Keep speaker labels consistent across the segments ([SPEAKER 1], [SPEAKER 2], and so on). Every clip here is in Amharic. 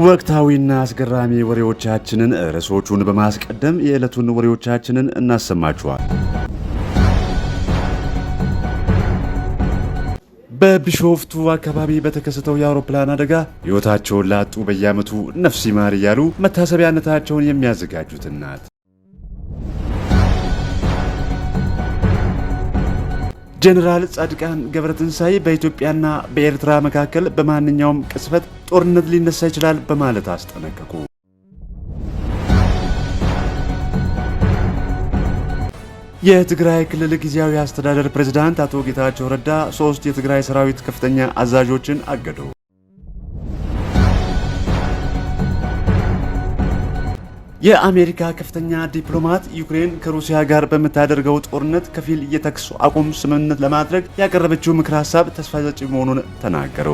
[SPEAKER 1] ወቅታዊና አስገራሚ ወሬዎቻችንን ርዕሶቹን በማስቀደም የዕለቱን ወሬዎቻችንን እናሰማችኋል። በቢሾፍቱ አካባቢ በተከሰተው የአውሮፕላን አደጋ ሕይወታቸውን ላጡ በየዓመቱ ነፍስ ይማር እያሉ መታሰቢያነታቸውን የሚያዘጋጁት እናት ጀነራል ጻድቃን ገብረትንሳይ በኢትዮጵያና በኤርትራ መካከል በማንኛውም ቅስፈት ጦርነት ሊነሳ ይችላል በማለት አስጠነቀቁ። የትግራይ ክልል ጊዜያዊ አስተዳደር ፕሬዝዳንት አቶ ጌታቸው ረዳ ሶስት የትግራይ ሰራዊት ከፍተኛ አዛዦችን አገዱ። የአሜሪካ ከፍተኛ ዲፕሎማት ዩክሬን ከሩሲያ ጋር በምታደርገው ጦርነት ከፊል የተኩስ አቁም ስምምነት ለማድረግ ያቀረበችው ምክር ሀሳብ ተስፋ ሰጪ መሆኑን ተናገሩ።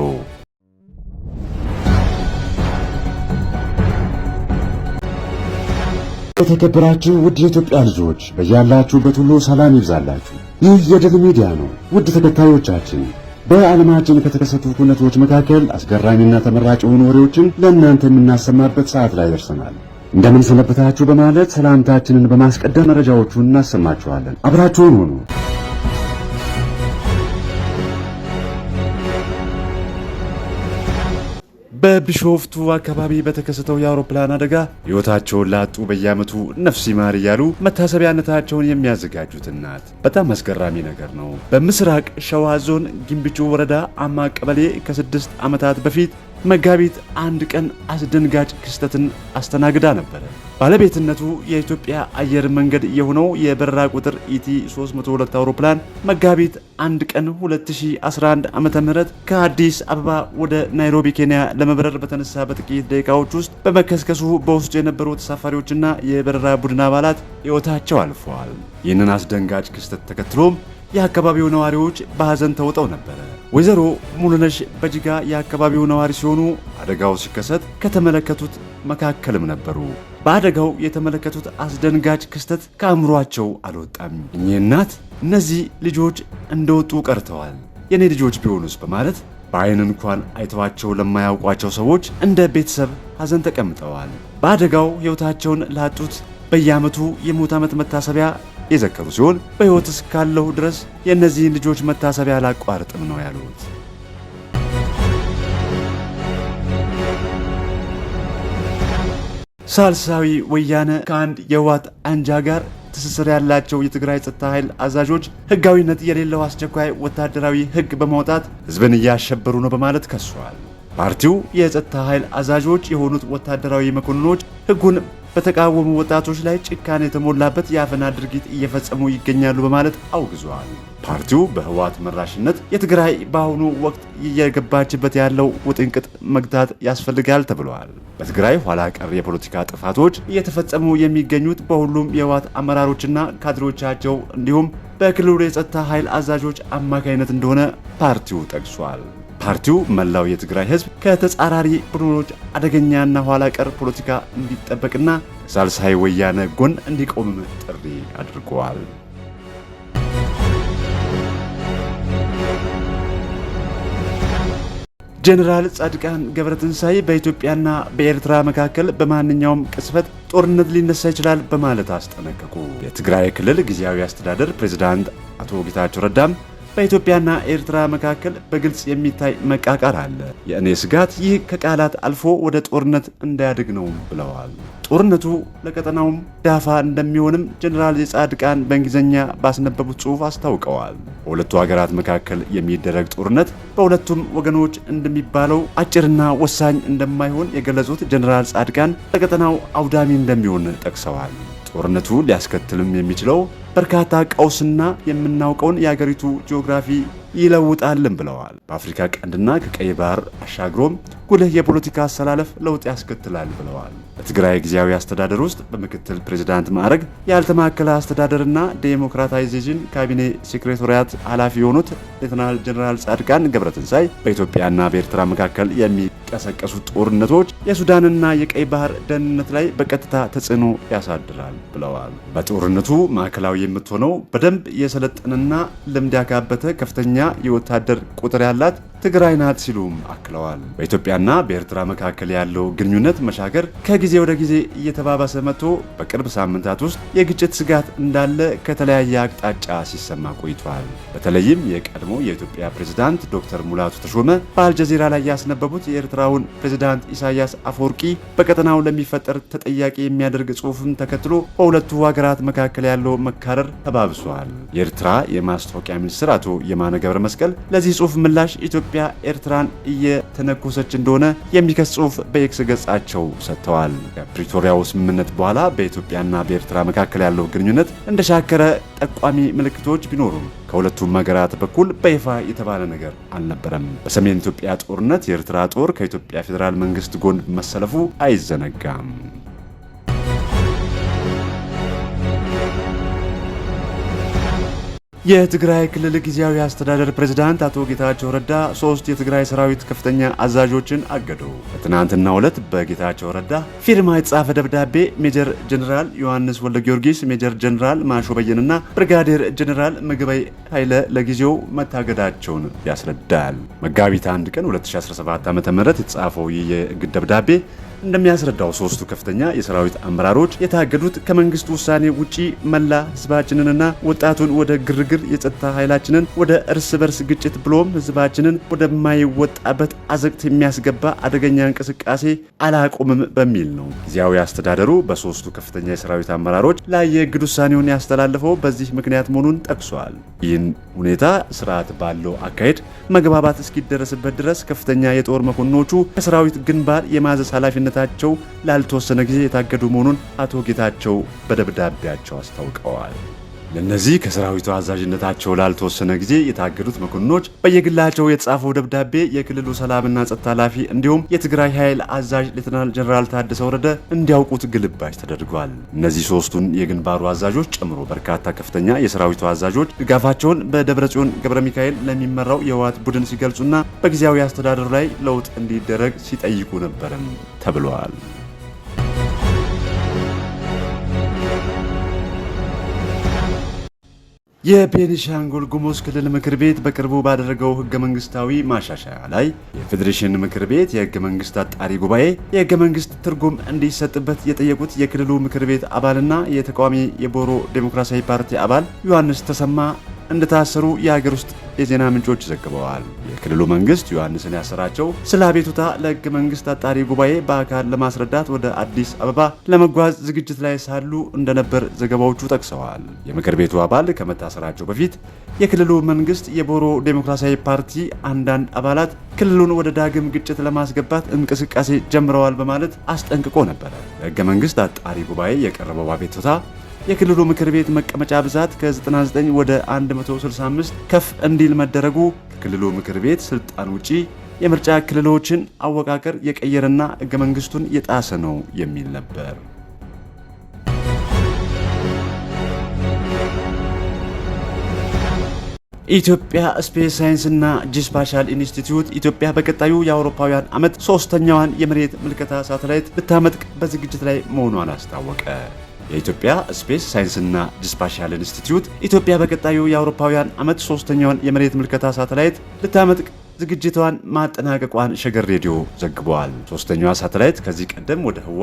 [SPEAKER 1] የተከበራችሁ ውድ የኢትዮጵያ ልጆች በያላችሁበት ሁሉ ሰላም ይብዛላችሁ። ይህ የድል ሚዲያ ነው። ውድ ተከታዮቻችን በዓለማችን ከተከሰቱ ሁነቶች መካከል አስገራሚና ተመራጭ የሆኑ ወሬዎችን ለእናንተ የምናሰማበት ሰዓት ላይ ደርሰናል። እንደምን ሰነበታችሁ በማለት ሰላምታችንን በማስቀደም መረጃዎቹን እናሰማችኋለን። አብራችሁን ሁኑ። በቢሾፍቱ አካባቢ በተከሰተው የአውሮፕላን አደጋ ሕይወታቸውን ላጡ በየዓመቱ ነፍስ ይማር እያሉ መታሰቢያነታቸውን የሚያዘጋጁት እናት በጣም አስገራሚ ነገር ነው። በምስራቅ ሸዋ ዞን ግንብቹ ወረዳ አማ ቀበሌ ከስድስት ዓመታት በፊት መጋቢት አንድ ቀን አስደንጋጭ ክስተትን አስተናግዳ ነበረ። ባለቤትነቱ የኢትዮጵያ አየር መንገድ የሆነው የበረራ ቁጥር ኢቲ 302 አውሮፕላን መጋቢት አንድ ቀን 2011 ዓ ም ከአዲስ አበባ ወደ ናይሮቢ ኬንያ ለመብረር በተነሳ በጥቂት ደቂቃዎች ውስጥ በመከስከሱ በውስጡ የነበሩ ተሳፋሪዎችና የበረራ ቡድን አባላት ሕይወታቸው አልፈዋል። ይህንን አስደንጋጭ ክስተት ተከትሎም የአካባቢው ነዋሪዎች በሐዘን ተውጠው ነበረ። ወይዘሮ ሙሉነሽ በጅጋ የአካባቢው ነዋሪ ሲሆኑ አደጋው ሲከሰት ከተመለከቱት መካከልም ነበሩ። በአደጋው የተመለከቱት አስደንጋጭ ክስተት ከአእምሯቸው አልወጣም። እኚህ እናት እነዚህ ልጆች እንደወጡ ቀርተዋል፣ የእኔ ልጆች ቢሆኑስ በማለት በአይን እንኳን አይተዋቸው ለማያውቋቸው ሰዎች እንደ ቤተሰብ ሐዘን ተቀምጠዋል። በአደጋው ሕይወታቸውን ላጡት በየዓመቱ የሞት ዓመት መታሰቢያ የዘከሩ ሲሆን በሕይወት እስካለሁ ድረስ የእነዚህን ልጆች መታሰቢያ አላቋርጥም ነው ያሉት። ሳልሳዊ ወያነ ከአንድ የህወሓት አንጃ ጋር ትስስር ያላቸው የትግራይ ጸጥታ ኃይል አዛዦች ህጋዊነት የሌለው አስቸኳይ ወታደራዊ ህግ በማውጣት ህዝብን እያሸበሩ ነው በማለት ከሷል። ፓርቲው የጸጥታ ኃይል አዛዦች የሆኑት ወታደራዊ መኮንኖች ህጉን በተቃወሙ ወጣቶች ላይ ጭካኔ የተሞላበት የአፈና ድርጊት እየፈጸሙ ይገኛሉ በማለት አውግዟል። ፓርቲው በህወሓት መራሽነት የትግራይ በአሁኑ ወቅት እየገባችበት ያለው ውጥንቅጥ መግታት ያስፈልጋል ተብሏል። በትግራይ ኋላ ቀር የፖለቲካ ጥፋቶች እየተፈጸሙ የሚገኙት በሁሉም የህወሓት አመራሮችና ካድሮቻቸው እንዲሁም በክልሉ የጸጥታ ኃይል አዛዦች አማካኝነት እንደሆነ ፓርቲው ጠቅሷል። ፓርቲው መላው የትግራይ ህዝብ ከተጻራሪ ቡድኖች አደገኛና ኋላ ቀር ፖለቲካ እንዲጠበቅና ሳልሳይ ወያነ ጎን እንዲቆም ጥሪ አድርገዋል። ጄኔራል ጻድቃን ገብረትንሳኤ በኢትዮጵያና በኤርትራ መካከል በማንኛውም ቅጽበት ጦርነት ሊነሳ ይችላል በማለት አስጠነቀቁ። የትግራይ ክልል ጊዜያዊ አስተዳደር ፕሬዝዳንት አቶ ጌታቸው ረዳም በኢትዮጵያና ኤርትራ መካከል በግልጽ የሚታይ መቃቃር አለ። የእኔ ስጋት ይህ ከቃላት አልፎ ወደ ጦርነት እንዳያድግ ነው ብለዋል። ጦርነቱ ለቀጠናውም ዳፋ እንደሚሆንም ጀኔራል የጻድቃን በእንግሊዝኛ ባስነበቡት ጽሑፍ አስታውቀዋል። በሁለቱ ሀገራት መካከል የሚደረግ ጦርነት በሁለቱም ወገኖች እንደሚባለው አጭርና ወሳኝ እንደማይሆን የገለጹት ጀኔራል ጻድቃን ለቀጠናው አውዳሚ እንደሚሆን ጠቅሰዋል። ጦርነቱ ሊያስከትልም የሚችለው በርካታ ቀውስና የምናውቀውን የአገሪቱ ጂኦግራፊ ይለውጣልም ብለዋል። በአፍሪካ ቀንድና ከቀይ ባህር አሻግሮም ጉልህ የፖለቲካ አሰላለፍ ለውጥ ያስከትላል ብለዋል። በትግራይ ጊዜያዊ አስተዳደር ውስጥ በምክትል ፕሬዚዳንት ማዕረግ ያልተማከለ አስተዳደርና ዴሞክራታይዜሽን ካቢኔ ሴክሬታሪያት ኃላፊ የሆኑት ሌተናል ጀኔራል ጻድቃን ገብረትንሳይ በኢትዮጵያና በኤርትራ መካከል የሚቀሰቀሱ ጦርነቶች የሱዳንና የቀይ ባህር ደህንነት ላይ በቀጥታ ተጽዕኖ ያሳድራል ብለዋል። በጦርነቱ ማዕከላዊ የምትሆነው በደንብ የሰለጠነና ልምድ ያካበተ ከፍተኛ የወታደር ቁጥር ያላት ትግራይ ናት ሲሉም አክለዋል። በኢትዮጵያና በኤርትራ መካከል ያለው ግንኙነት መሻገር ከጊዜ ወደ ጊዜ እየተባባሰ መጥቶ በቅርብ ሳምንታት ውስጥ የግጭት ስጋት እንዳለ ከተለያየ አቅጣጫ ሲሰማ ቆይቷል። በተለይም የቀድሞ የኢትዮጵያ ፕሬዝዳንት ዶክተር ሙላቱ ተሾመ በአልጀዚራ ላይ ያስነበቡት የኤርትራውን ፕሬዝዳንት ኢሳያስ አፈወርቂ በቀጠናው ለሚፈጠር ተጠያቂ የሚያደርግ ጽሑፍም ተከትሎ በሁለቱ ሀገራት መካከል ያለው መካረር ተባብሷል። የኤርትራ የማስታወቂያ ሚኒስትር አቶ የማነ ገብረ መስቀል ለዚህ ጽሑፍ ምላሽ ኢትዮጵያ ኢትዮጵያ ኤርትራን እየተነኮሰች እንደሆነ የሚከስ ጽሑፍ በኤክስ ገጻቸው ሰጥተዋል። ከፕሪቶሪያው ስምምነት በኋላ በኢትዮጵያና በኤርትራ መካከል ያለው ግንኙነት እንደሻከረ ጠቋሚ ምልክቶች ቢኖሩም ከሁለቱም ሀገራት በኩል በይፋ የተባለ ነገር አልነበረም። በሰሜን ኢትዮጵያ ጦርነት የኤርትራ ጦር ከኢትዮጵያ ፌዴራል መንግስት ጎን መሰለፉ አይዘነጋም። የትግራይ ክልል ጊዜያዊ አስተዳደር ፕሬዝዳንት አቶ ጌታቸው ረዳ ሶስት የትግራይ ሰራዊት ከፍተኛ አዛዦችን አገዱ። በትናንትናው ዕለት በጌታቸው ረዳ ፊርማ የተጻፈ ደብዳቤ ሜጀር ጀኔራል ዮሐንስ ወልደ ጊዮርጊስ፣ ሜጀር ጀኔራል ማሾ በየንና ብርጋዴር ጀኔራል ምግበይ ኃይለ ለጊዜው መታገዳቸውን ያስረዳል። መጋቢት 1 ቀን 2017 ዓ ም የተጻፈው ይህ የእግድ ደብዳቤ እንደሚያስረዳው ሶስቱ ከፍተኛ የሰራዊት አመራሮች የታገዱት ከመንግስት ውሳኔ ውጪ መላ ህዝባችንንና ወጣቱን ወደ ግርግር፣ የጸጥታ ኃይላችንን ወደ እርስ በርስ ግጭት ብሎም ህዝባችንን ወደማይወጣበት አዘቅት የሚያስገባ አደገኛ እንቅስቃሴ አላቆምም በሚል ነው። ጊዜያዊ አስተዳደሩ በሶስቱ ከፍተኛ የሰራዊት አመራሮች ላይ የእግድ ውሳኔውን ያስተላለፈው በዚህ ምክንያት መሆኑን ጠቅሷል። ይህን ሁኔታ ስርዓት ባለው አካሄድ መግባባት እስኪደረስበት ድረስ ከፍተኛ የጦር መኮንኖቹ ከሰራዊት ግንባር የማዘዝ ኃላፊነት ደህንነታቸው ላልተወሰነ ጊዜ የታገዱ መሆኑን አቶ ጌታቸው በደብዳቤያቸው አስታውቀዋል። ለእነዚህ ከሰራዊቱ አዛዥነታቸው ላልተወሰነ ጊዜ የታገዱት መኮንኖች በየግላቸው የተጻፈው ደብዳቤ የክልሉ ሰላምና ጸጥታ ኃላፊ እንዲሁም የትግራይ ኃይል አዛዥ ሌተናል ጀነራል ታደሰ ወረደ እንዲያውቁት ግልባጭ ተደርጓል። እነዚህ ሶስቱን የግንባሩ አዛዦች ጨምሮ በርካታ ከፍተኛ የሰራዊቱ አዛዦች ድጋፋቸውን በደብረ ገብረ ሚካኤል ለሚመራው የህወሓት ቡድን ሲገልጹና በጊዜያዊ አስተዳደሩ ላይ ለውጥ እንዲደረግ ሲጠይቁ ነበርም ተብለዋል። የቤኒሻንጉል ጉሙዝ ክልል ምክር ቤት በቅርቡ ባደረገው ህገ መንግስታዊ ማሻሻያ ላይ የፌዴሬሽን ምክር ቤት የህገ መንግስት አጣሪ ጉባኤ የህገ መንግስት ትርጉም እንዲሰጥበት የጠየቁት የክልሉ ምክር ቤት አባልና የተቃዋሚ የቦሮ ዴሞክራሲያዊ ፓርቲ አባል ዮሐንስ ተሰማ እንደታሰሩ የሀገር ውስጥ የዜና ምንጮች ዘግበዋል። የክልሉ መንግስት ዮሐንስን ያሰራቸው ስለ አቤቱታ ለህገ መንግስት አጣሪ ጉባኤ በአካል ለማስረዳት ወደ አዲስ አበባ ለመጓዝ ዝግጅት ላይ ሳሉ እንደነበር ዘገባዎቹ ጠቅሰዋል። የምክር ቤቱ አባል ከመታሰራቸው በፊት የክልሉ መንግስት የቦሮ ዴሞክራሲያዊ ፓርቲ አንዳንድ አባላት ክልሉን ወደ ዳግም ግጭት ለማስገባት እንቅስቃሴ ጀምረዋል በማለት አስጠንቅቆ ነበረ። ለህገ መንግስት አጣሪ ጉባኤ የቀረበው አቤቱታ የክልሉ ምክር ቤት መቀመጫ ብዛት ከ99 ወደ 165 ከፍ እንዲል መደረጉ ከክልሉ ምክር ቤት ስልጣን ውጪ የምርጫ ክልሎችን አወቃቀር የቀየረና ህገ መንግስቱን የጣሰ ነው የሚል ነበር። ኢትዮጵያ ስፔስ ሳይንስና ጂስፓሻል ኢንስቲትዩት ኢትዮጵያ በቀጣዩ የአውሮፓውያን ዓመት ሶስተኛዋን የመሬት ምልከታ ሳተላይት ልታመጥቅ በዝግጅት ላይ መሆኗን አስታወቀ። የኢትዮጵያ ስፔስ ሳይንስና ጂኦስፓሻል ኢንስቲትዩት ኢትዮጵያ በቀጣዩ የአውሮፓውያን ዓመት ሶስተኛውን የመሬት ምልከታ ሳተላይት ልታመጥቅ ዝግጅቷን ማጠናቀቋን ሸገር ሬዲዮ ዘግቧል። ሶስተኛዋ ሳተላይት ከዚህ ቀደም ወደ ህዋ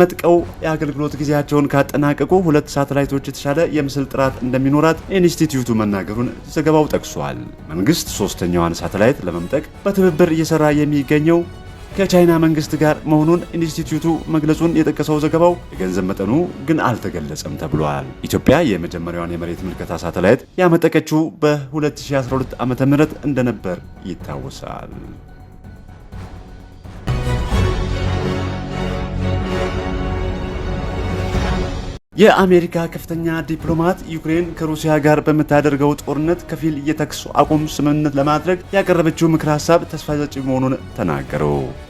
[SPEAKER 1] መጥቀው የአገልግሎት ጊዜያቸውን ካጠናቀቁ ሁለት ሳተላይቶች የተሻለ የምስል ጥራት እንደሚኖራት ኢንስቲትዩቱ መናገሩን ዘገባው ጠቅሷል። መንግስት ሶስተኛዋን ሳተላይት ለመምጠቅ በትብብር እየሰራ የሚገኘው ከቻይና መንግስት ጋር መሆኑን ኢንስቲትዩቱ መግለጹን የጠቀሰው ዘገባው የገንዘብ መጠኑ ግን አልተገለጸም ተብሏል። ኢትዮጵያ የመጀመሪያዋን የመሬት ምልከታ ሳተላይት ያመጠቀችው በ2012 ዓ ም እንደነበር ይታወሳል። የአሜሪካ ከፍተኛ ዲፕሎማት ዩክሬን ከሩሲያ ጋር በምታደርገው ጦርነት ከፊል የተኩስ አቁም ስምምነት ለማድረግ ያቀረበችው ምክር ሀሳብ ተስፋ ሰጪ መሆኑን ተናገሩ።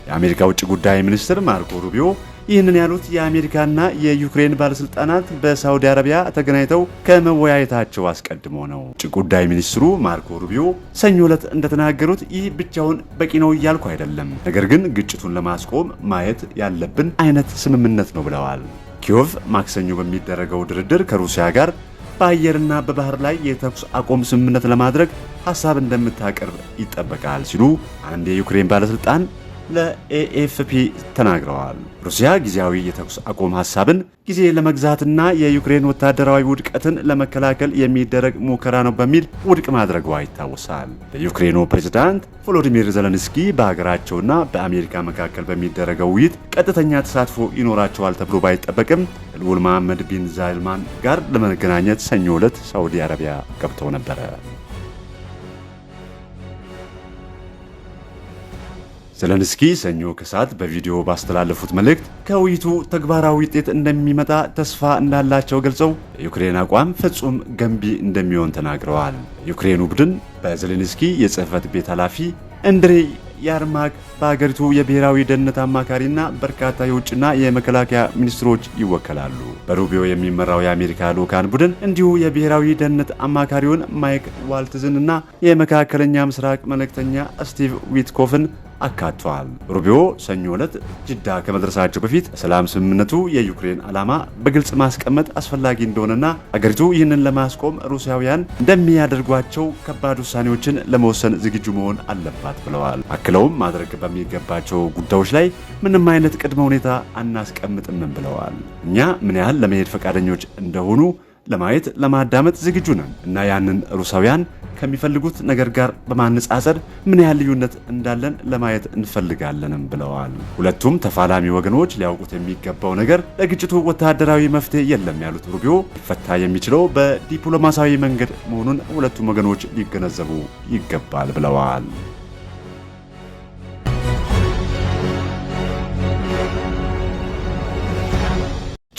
[SPEAKER 1] የአሜሪካ ውጭ ጉዳይ ሚኒስትር ማርኮ ሩቢዮ ይህንን ያሉት የአሜሪካና የዩክሬን ባለስልጣናት በሳውዲ አረቢያ ተገናኝተው ከመወያየታቸው አስቀድሞ ነው። ውጭ ጉዳይ ሚኒስትሩ ማርኮ ሩቢዮ ሰኞ ዕለት እንደተናገሩት ይህ ብቻውን በቂ ነው እያልኩ አይደለም፣ ነገር ግን ግጭቱን ለማስቆም ማየት ያለብን አይነት ስምምነት ነው ብለዋል። ኪዮቭ ማክሰኞ በሚደረገው ድርድር ከሩሲያ ጋር በአየርና በባህር ላይ የተኩስ አቁም ስምምነት ለማድረግ ሐሳብ እንደምታቀርብ ይጠበቃል ሲሉ አንድ የዩክሬን ባለሥልጣን ለኤኤፍፒ ተናግረዋል። ሩሲያ ጊዜያዊ የተኩስ አቁም ሀሳብን ጊዜ ለመግዛትና የዩክሬን ወታደራዊ ውድቀትን ለመከላከል የሚደረግ ሙከራ ነው በሚል ውድቅ ማድረጓ ይታወሳል። የዩክሬኑ ፕሬዝዳንት ቮሎዲሚር ዘለንስኪ በሀገራቸውና በአሜሪካ መካከል በሚደረገው ውይይት ቀጥተኛ ተሳትፎ ይኖራቸዋል ተብሎ ባይጠበቅም ልዑል መሐመድ ቢን ዛልማን ጋር ለመገናኘት ሰኞ ዕለት ሳውዲ አረቢያ ገብተው ነበረ። ዘለንስኪ ሰኞ ከሰዓት በቪዲዮ ባስተላለፉት መልእክት ከውይይቱ ተግባራዊ ውጤት እንደሚመጣ ተስፋ እንዳላቸው ገልጸው የዩክሬን አቋም ፍጹም ገንቢ እንደሚሆን ተናግረዋል። የዩክሬኑ ቡድን በዘሌንስኪ የጽህፈት ቤት ኃላፊ እንድሬ ያርማክ በአገሪቱ የብሔራዊ ደህንነት አማካሪና በርካታ የውጭና የመከላከያ ሚኒስትሮች ይወከላሉ። በሩቢዮ የሚመራው የአሜሪካ ልዑካን ቡድን እንዲሁ የብሔራዊ ደህንነት አማካሪውን ማይክ ዋልትዝን እና የመካከለኛ ምስራቅ መልእክተኛ ስቲቭ ዊትኮፍን አካቷል። ሩቢዮ ሰኞ ዕለት ጅዳ ከመድረሳቸው በፊት ሰላም ስምምነቱ የዩክሬን ዓላማ በግልጽ ማስቀመጥ አስፈላጊ እንደሆነና አገሪቱ ይህንን ለማስቆም ሩሲያውያን እንደሚያደርጓቸው ከባድ ውሳኔዎችን ለመወሰን ዝግጁ መሆን አለባት ብለዋል። አክለውም ማድረግ በሚገባቸው ጉዳዮች ላይ ምንም አይነት ቅድመ ሁኔታ አናስቀምጥምን ብለዋል። እኛ ምን ያህል ለመሄድ ፈቃደኞች እንደሆኑ ለማየት ለማዳመጥ ዝግጁ ነን እና ያንን ሩሳውያን ከሚፈልጉት ነገር ጋር በማነጻጸር ምን ያህል ልዩነት እንዳለን ለማየት እንፈልጋለንም ብለዋል። ሁለቱም ተፋላሚ ወገኖች ሊያውቁት የሚገባው ነገር ለግጭቱ ወታደራዊ መፍትሄ የለም ያሉት ሩቢዮ ሊፈታ የሚችለው በዲፕሎማሲያዊ መንገድ መሆኑን ሁለቱም ወገኖች ሊገነዘቡ ይገባል ብለዋል።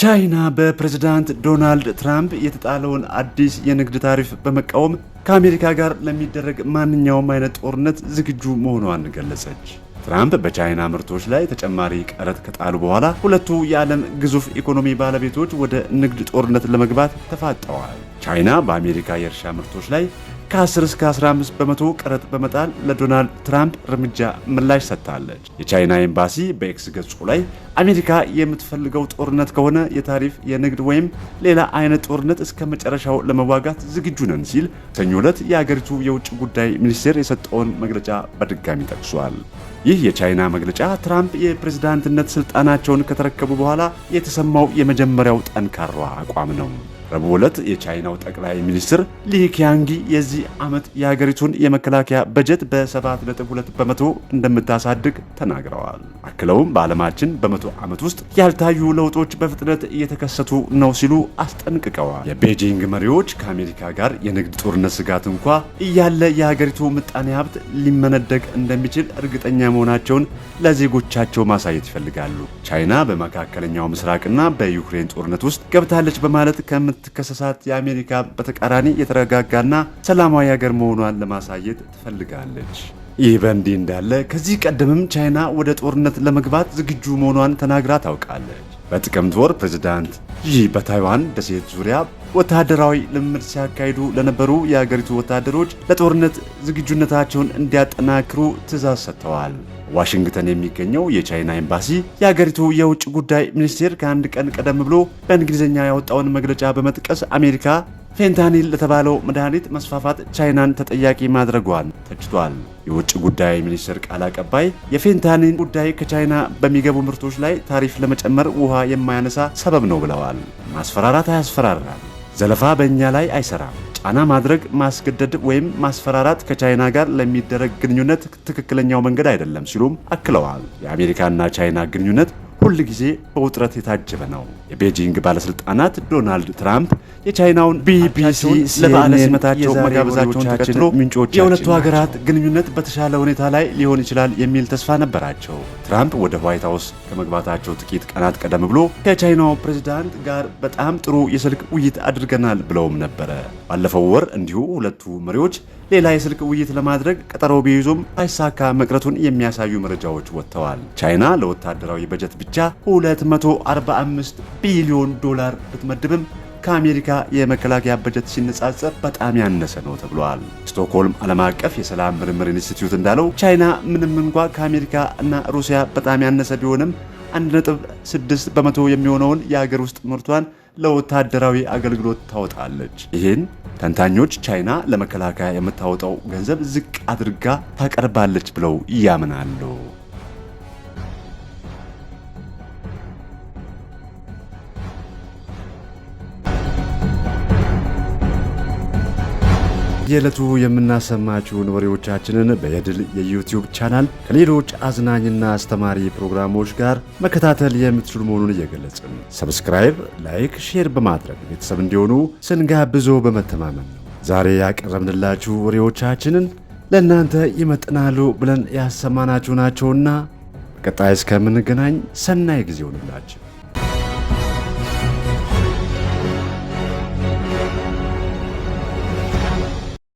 [SPEAKER 1] ቻይና በፕሬዝዳንት ዶናልድ ትራምፕ የተጣለውን አዲስ የንግድ ታሪፍ በመቃወም ከአሜሪካ ጋር ለሚደረግ ማንኛውም አይነት ጦርነት ዝግጁ መሆኗን ገለጸች። ትራምፕ በቻይና ምርቶች ላይ ተጨማሪ ቀረጥ ከጣሉ በኋላ ሁለቱ የዓለም ግዙፍ ኢኮኖሚ ባለቤቶች ወደ ንግድ ጦርነት ለመግባት ተፋጠዋል። ቻይና በአሜሪካ የእርሻ ምርቶች ላይ ከ10 እስከ 15 በመቶ ቀረጥ በመጣል ለዶናልድ ትራምፕ እርምጃ ምላሽ ሰጥታለች። የቻይና ኤምባሲ በኤክስ ገጹ ላይ አሜሪካ የምትፈልገው ጦርነት ከሆነ የታሪፍ፣ የንግድ ወይም ሌላ አይነት ጦርነት እስከ መጨረሻው ለመዋጋት ዝግጁ ነን ሲል ሰኞ ዕለት የአገሪቱ የውጭ ጉዳይ ሚኒስቴር የሰጠውን መግለጫ በድጋሚ ጠቅሷል። ይህ የቻይና መግለጫ ትራምፕ የፕሬዝዳንትነት ስልጣናቸውን ከተረከቡ በኋላ የተሰማው የመጀመሪያው ጠንካራ አቋም ነው። ረቡዕ ዕለት የቻይናው ጠቅላይ ሚኒስትር ሊኪያንጊ የዚህ ዓመት የሀገሪቱን የመከላከያ በጀት በ7.2 በመቶ እንደምታሳድግ ተናግረዋል። አክለውም በዓለማችን በመቶ ዓመት ውስጥ ያልታዩ ለውጦች በፍጥነት እየተከሰቱ ነው ሲሉ አስጠንቅቀዋል። የቤጂንግ መሪዎች ከአሜሪካ ጋር የንግድ ጦርነት ስጋት እንኳ እያለ የሀገሪቱ ምጣኔ ሀብት ሊመነደግ እንደሚችል እርግጠኛ መሆናቸውን ለዜጎቻቸው ማሳየት ይፈልጋሉ። ቻይና በመካከለኛው ምስራቅና በዩክሬን ጦርነት ውስጥ ገብታለች በማለት ከም የምትከሰሳት የአሜሪካ በተቃራኒ የተረጋጋና ሰላማዊ ሀገር መሆኗን ለማሳየት ትፈልጋለች። ይህ በእንዲህ እንዳለ ከዚህ ቀደምም ቻይና ወደ ጦርነት ለመግባት ዝግጁ መሆኗን ተናግራ ታውቃለች። በጥቅምት ወር ፕሬዝዳንት ዢ በታይዋን ደሴት ዙሪያ ወታደራዊ ልምድ ሲያካሂዱ ለነበሩ የአገሪቱ ወታደሮች ለጦርነት ዝግጁነታቸውን እንዲያጠናክሩ ትእዛዝ ሰጥተዋል። ዋሽንግተን የሚገኘው የቻይና ኤምባሲ የአገሪቱ የውጭ ጉዳይ ሚኒስቴር ከአንድ ቀን ቀደም ብሎ በእንግሊዝኛ ያወጣውን መግለጫ በመጥቀስ አሜሪካ ፌንታኒል ለተባለው መድኃኒት መስፋፋት ቻይናን ተጠያቂ ማድረጓን ተችቷል። የውጭ ጉዳይ ሚኒስትር ቃል አቀባይ የፌንታኒል ጉዳይ ከቻይና በሚገቡ ምርቶች ላይ ታሪፍ ለመጨመር ውሃ የማያነሳ ሰበብ ነው ብለዋል። ማስፈራራት አያስፈራራም። ዘለፋ በእኛ ላይ አይሰራም። ጫና ማድረግ፣ ማስገደድ ወይም ማስፈራራት ከቻይና ጋር ለሚደረግ ግንኙነት ትክክለኛው መንገድ አይደለም ሲሉም አክለዋል። የአሜሪካና ቻይና ግንኙነት ሁል ጊዜ በውጥረት የታጀበ ነው። የቤጂንግ ባለስልጣናት ዶናልድ ትራምፕ የቻይናውን ቢቢሲ ለበዓለ ሲመታቸው መጋበዛቸውን ተከትሎ ምንጮች የሁለቱ ሀገራት ግንኙነት በተሻለ ሁኔታ ላይ ሊሆን ይችላል የሚል ተስፋ ነበራቸው። ትራምፕ ወደ ዋይት ሀውስ ከመግባታቸው ጥቂት ቀናት ቀደም ብሎ ከቻይናው ፕሬዚዳንት ጋር በጣም ጥሩ የስልክ ውይይት አድርገናል ብለውም ነበረ። ባለፈው ወር እንዲሁ ሁለቱ መሪዎች ሌላ የስልክ ውይይት ለማድረግ ቀጠሮ ቢይዙም አይሳካ መቅረቱን የሚያሳዩ መረጃዎች ወጥተዋል። ቻይና ለወታደራዊ በጀት ብቻ ብቻ 245 ቢሊዮን ዶላር ብትመድብም ከአሜሪካ የመከላከያ በጀት ሲነጻጸር በጣም ያነሰ ነው ተብሏል። ስቶክሆልም ዓለም አቀፍ የሰላም ምርምር ኢንስቲትዩት እንዳለው ቻይና ምንም እንኳ ከአሜሪካ እና ሩሲያ በጣም ያነሰ ቢሆንም 1.6 በመቶ የሚሆነውን የአገር ውስጥ ምርቷን ለወታደራዊ አገልግሎት ታወጣለች። ይህን ተንታኞች ቻይና ለመከላከያ የምታወጣው ገንዘብ ዝቅ አድርጋ ታቀርባለች ብለው ያምናሉ። የዕለቱ የምናሰማችውን ወሬዎቻችንን በየድል የዩቲዩብ ቻናል ከሌሎች አዝናኝና አስተማሪ ፕሮግራሞች ጋር መከታተል የምትችሉ መሆኑን እየገለጽን ሰብስክራይብ፣ ላይክ፣ ሼር በማድረግ ቤተሰብ እንዲሆኑ ስንጋብዞ በመተማመን ነው ዛሬ ያቀረብንላችሁ ወሬዎቻችንን ለእናንተ ይመጥናሉ ብለን ያሰማናችሁ ናቸውና በቀጣይ እስከምንገናኝ ሰናይ ጊዜ ሆንላችሁ።